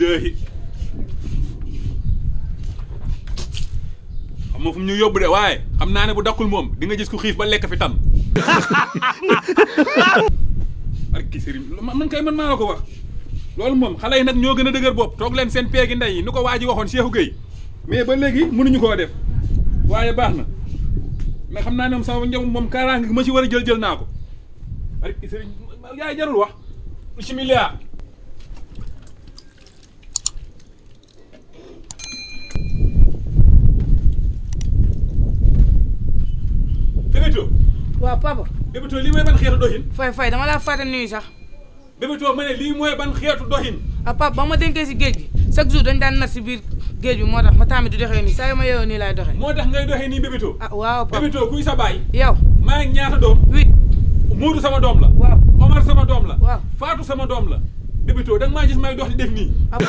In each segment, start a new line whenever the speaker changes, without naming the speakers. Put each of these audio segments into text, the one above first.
billahi xam ñu yóbbu de waaye xam naa ne bu dakkul moom di nga jis ku xiif ba lekk fi tan ak ki sëriñ man kay man maa la ko wax loolu moom xale yi nag ñoo gën a dëgër bopp toog leen seen peegi ndey yi ni ko waa ji waxoon Cheikhou Gueye mais ba léegi mënuñu ko def waaye baax na mais xam naa ne moom sama njaboot moom kaaraange gi ma ci war a jël jël naa ko ak ki sëriñ yaay jarul wax bismillah waaw papa. Bébé Tooy lii mooy ban xeetu doxin. fay fay dama laa fàtte nuyu sax. Bébé Tooy ma ne lii mooy ban xeetu doxin. ah papa ba ma dénkee si géej gi chaque jour dañ daan nar si biir géej bi moo tax ma taami di doxee nii saa yu ma yeewoo nii laay doxee. moo tax ngay doxee nii Bébé Tooy. ah waaw papa Bébé Tooy kuy sa baay. maa ngi ñaata doom. huit Moodu sama doom la. waaw Omar sama doom la. faatu sama doom la. Bébé Tooy da maa gis may dox di def nii.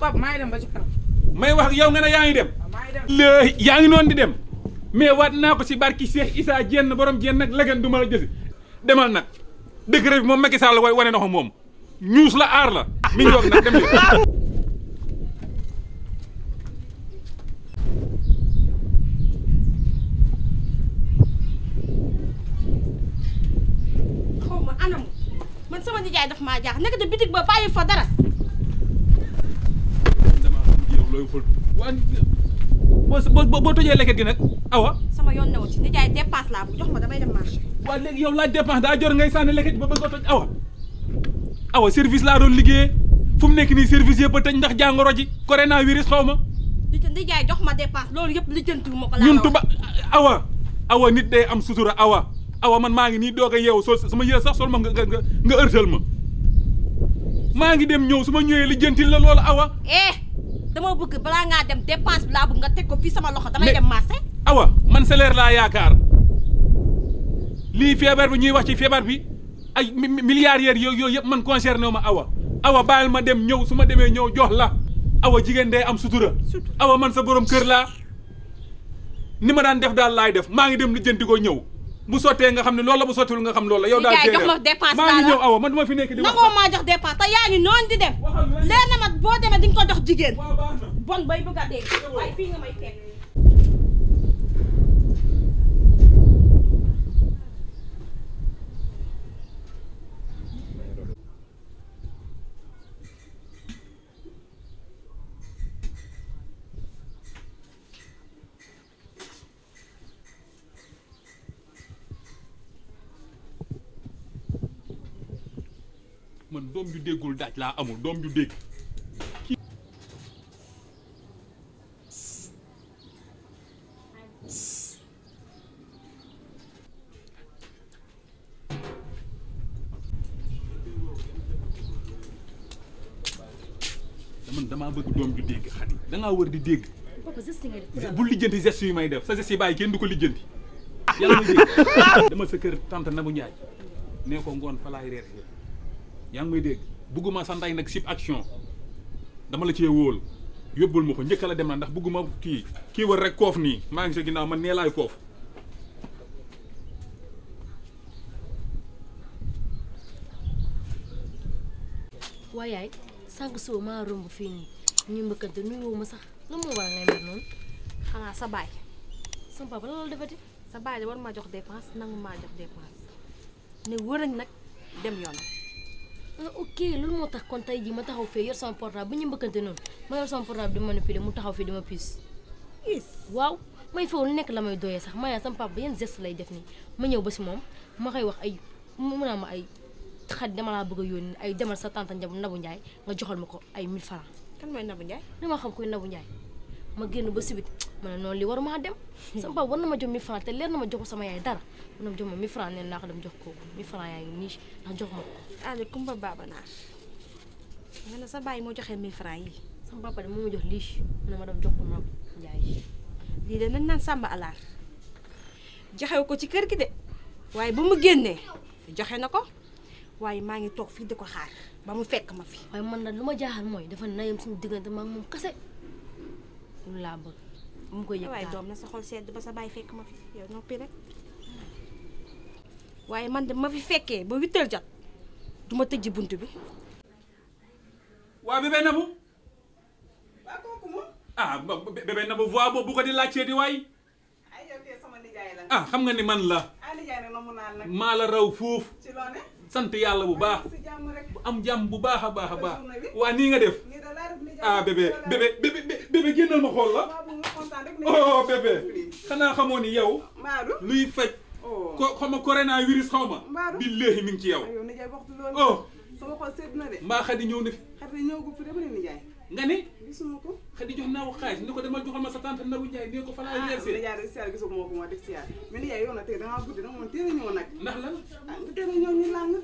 papa maa ngi dem ba ci kanam.
may wax yow nga ne yaa ngi dem. Ah, yaa ngi noonu di dem mais waat naa ko si barki Cheikh Issa jenn borom jenn nag lagan du ma la jësi demal nag décret bi moom Macky Sall way wane na ko moom ñuus la aar la mi ngi nag dem leen
jaax nekk de bitig ba bàyyi fa dara.
boo boo boo tojee leket gi nag awa. sama yoon newu ci
nijaay dépense laa jox ma damay dem
daa jor ngay sànni leket ba bëgg service laa doon liggéeyee fu nekk nii service yëpp a tëj ndax jàngoro ji coronavirus xaw ma.
nijaay jox ma dépense loolu yëpp lijjantiwuma ko laa ñun
tuba awa. awa nit day am sutura awa. awa man maa ngi nii doog a yeewu sol sama yére sax sol ma nga nga nga ërtal ma maa ngi dem ñëw su ma ñëwee lijjantil la loolu awa.
Eh, dama bëgg balaa ngaa dem dépense bi laa bëgg nga teg ko fii sama loxo damay dem marché
awa man salaire laa yaakaar lii feebar bi ñuy wax ci feebar bi ay milliardaires yooyu yooyu yëpp man concerné wu ma awa awa bàyyil ma dem ñëw su ma demee ñëw jox la awa jigéen day am sutura awa man sa borom kër laa ni ma daan def daal laay def maa ngi dem lijjanti ko ñëw bu sottee nga xam ne loolu la bu sottiwul nga xam loolu la yow daal jox ma dépense maa ngi ñëw ah. awa man duma nekk di wax nangoo
maa jox dépense te yaa ngi noonu di dem leer na ma boo demee di ko jox jigéen bay bëgg a dee
man doom ju déggul daaj laa amul doom ju dégg man damaa bëgg doom ju dégg dangaa wër di dégg bul lijjanti geste yu may def sa geste yi bàyyi kenn du ko lijjanti yàlla sa kër tante na bu njaay nee ko ngoon fa laay reer yaa ngi may dégg bugguma sa nday nag sib action dama la cee wóol yóbbul ma ko njëkka la dem na ndax bugguma kii kii war rek koof nii maa ngi sa ginnaaw man nee laay koof
waaye sànq suba maa romb fii nii ñu mbëkkante nuyoo ma sax lan moo waral ngay mel noonu xanaa sa baay sama papa la loolu defati sa baay de war maa jox dépense nangu maa jox dépense ne wërëñ nag dem yoon Euh, ok loolu moo tax kon tey jii ma taxaw fee yor sama portable bu ñu mbëkkante noonu ma yor sama portable di manipuler mu taxaw fii di ma puus. waaw may foofu lu nekk la may doyee sax maanaam sama papa yan geste lay def nii ma ñëw ba si moom ma koy wax ay mu a ma ay xaj dama laa bëgg a yónni ay demal sa tante Ndiabou Nabou Ndiaye nga joxal ma ko ay 1000 francs kan mooy Nabou Ndiaye. dama xam koy Nabou Ndiaye ma génn ba sibit ma ne noonu li waruma dem sama papa war na ma jox 1000 francs te leer na ma joxu sama yaay dara mu ne jox ma 1000 neen naa ko dem jox kooku 1000 francs nii ndax jox ma ko Ali sa bàyyi moo joxee 1000 francs yi moo jox lii mu ne jox ko ma Njaay lii de nañ naan Samba Alaar joxewu ko ci kër gi de waaye ba mu génnee joxe na ko waaye maa ngi toog fii di ko xaar ba mu fekk ma fi waaye man nag lu ma jaaxal mooy dafa nayam suñu diggante maa moom kase lu laa bëgg mu ngi koy yëg waaye doom na sa xol sedd ba sa bàyyi fekk ma fi yow noppi rek waaye man de ma fi fekkee ba huit jat jot du ma tëjji bunt bi.
waa bébé Nabou. waa kooku moom. ah bébé Nabou boobu bu ko di laajtee di waay.
ay ah
xam nga ni man la.
ah nijaay la maa la raw foofu.
sant yàlla bu baax bu am jàmm bu baax a baax a baax waa nii nga def ah bébé bébé bébé bébé génnal ma xool la oh bébé xanaa xamoo ni yow luy faj oh. ko xaw ma corona virus xaw ma
billaahi mi ngi ci yow oh mbaa xadi ñëw na fi
nga ne gisuma ko. xëy jox naa ko xaalis ni ko dama joxal ma sa tante Nabu Ndiaye nee ko fa laa yeesee. ah Ndiaye de
siyaar gisuma ko ma def siyaar mais Ndiaye yow nag tey da ngaa guddi nag moom teel a ñëw nag. na lan. ah nga ñu làng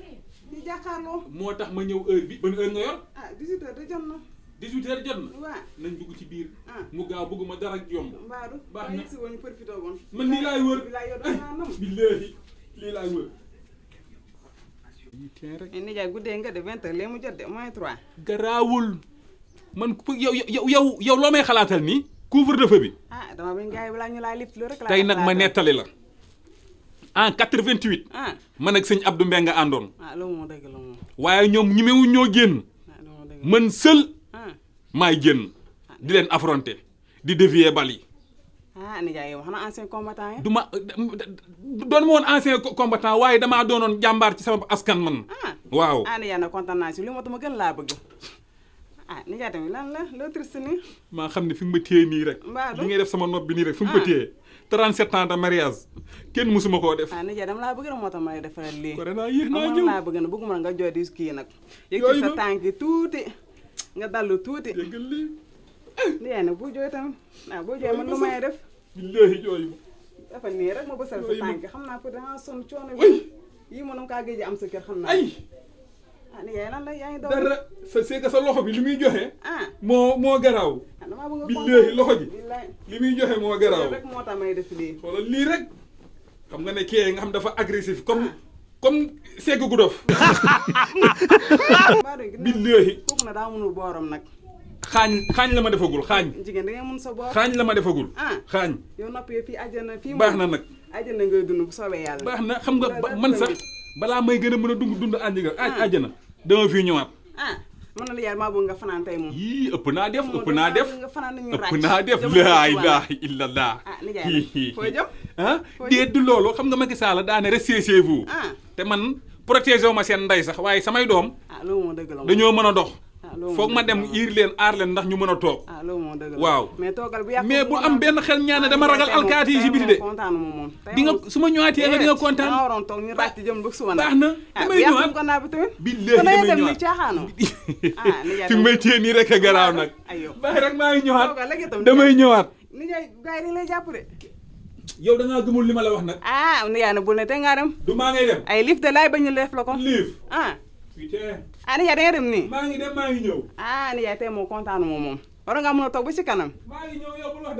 ñu jàkkaarloo.
moo tax ma ñëw heure bi ban heure nga yor.
ah 18 heures de jot na.
18 heures jot na. nañ dugg ci biir. Ah. mu gaaw bëgguma dara yomb.
mbaadu baax na si woon ñu profité woon. man lii laay wër billaahi lii laay wër. tey rek. Eh, nijaay guddee nga de 20 heures lee mu jot de moins garaawul. man
yow yow yow yow loo may xalaatal nii couvre-feu bi.
ah dama bañ gars yi balaa rek tey nag
ma nettali la en 88. Ah. man ak sëñ ab du àndoon.
ah loolu moo
waaye ñoom ñemewu ñoo génn. Ah, man seul. Ah. maay génn di leen affronter di dévier bal yi.
ah nijaay yow xanaa ancien
ma doon ma woon ancien combattant waaye damaa doonoon jàmbaar ci sama askan man.
waaw ah nijaay na kontaan naa ma gën laa bëgg. ah nijaay tamit lan la loo triste nii.
maa xam ne fi nga ma téye nii rek. li ngay def sama nopp nii rek fi nga ma ah. téye. 37 ans de mariage kenn musuma koo def. ah
nijaay dama bëgg na moo tax ma lay defaral nga jooy di kii nag. yëg ci sa tànk tuuti nga dallu tuuti. yëgal lii. nijaay nag boo jooy tamit ah boo jooy man lu def. billaahi jooy ma.
dafa nii rek ma bësal sa tànk
xam naa ko dangaa sonn coono bi. yii mënum kaa géej am sa kër xam naa. Ah, dara
sa seega sa loxo bi li muy joxe. Ah. moo moo garaaw.
Ah, billaahi loxo ji.
li muy joxe moo garaaw. xoolal lii rek. xam nga ne kii nga xam dafa agressif comme comme segg gu dof. billaahi. xaañ xaañ la ma defagul xaañ.
jigéen da ngay sa boor. xaañ la ma defagul. xaañ. yow nopp yi fii àjjana fii. baax na nag. àjjana ngay dund bu soobee yàlla. baax na xam
nga man sax. balaa may gën a mën a dund dund àndi nga. Ah. na dama fii ñëwaat.
ah man la yaay nga fanaan moom. yii ëpp
naa def ëpp naa def
ëpp naa def. laa ilaaha
illallah. ah nijaay fooy jëm. ah déet du loolu xam nga Macky Sall daa ne restez chez vous. Ah. te man protéger wu seen ndey sax waaye samay doom.
ah loolu dañoo mën a dox. foog ma
dem iir leen aar leen ndax ñu mën a toog
ah, waaw mais bu am benn xel ñaane dama ragal alkaati yi si biti de di nga su ma ñëwaatee nga di nga kontaan baax na ah, damay ñëwaat billaahi damay ñëwaat
ah, fi may téye nii rek a garaaw nag baax rek maa ngi ñëwaat damay ñëwaat
yow da ngaa gëmul li ma la wax nag. ah am na yaa ne bul ne te ngaa dem. du maa ngay dem. ay liif de laay bañ a def la ko. liif ah nijaay dem nii. maa ngi dem maa ngi moom kontaanu moom moom waroon ngaa a toog ci kanam. maa ngi ñëw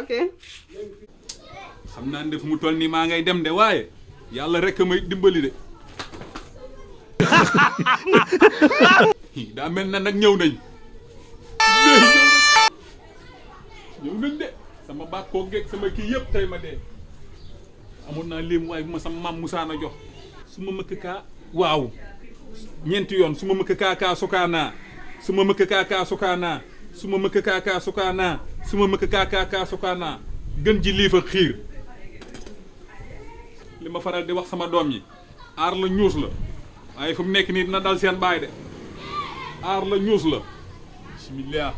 ok.
xam naa ne mu tol nii maa ngay dem de waaye yàlla rek may dimbali de. daa mel na nag ñëw nañ. ñëw nañ de sama bàkkoo geeg sama kii yëpp tay ma dee amoon naa léem waaye bu ma sama maam Moussa na jox su ma mëkk kaa waaw. ñeenti yoon su ma mëkk kaakaa sukaanaa su ma mëkk kaakaa sukaanaa su ma mëkk kaakaa sukaanaa sukaanaa gën ji liif fa xiir li ma faral di wax sama doom yi aar la ñuus la waaye fu mu nekk nii dina dal seen baay de aar la ñuus la bismillah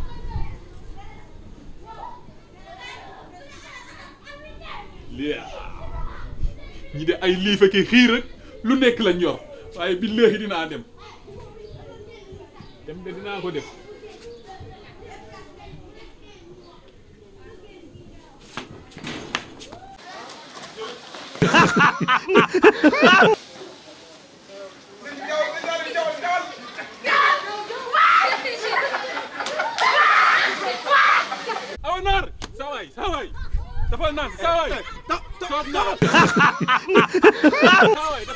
lii ñi de ay liifa ki xiir rek lu nekk lañ yor waaye billaahi dinaa dem dem de dinaa ko def aw naar sawaay sawaay dafa
naan sawaay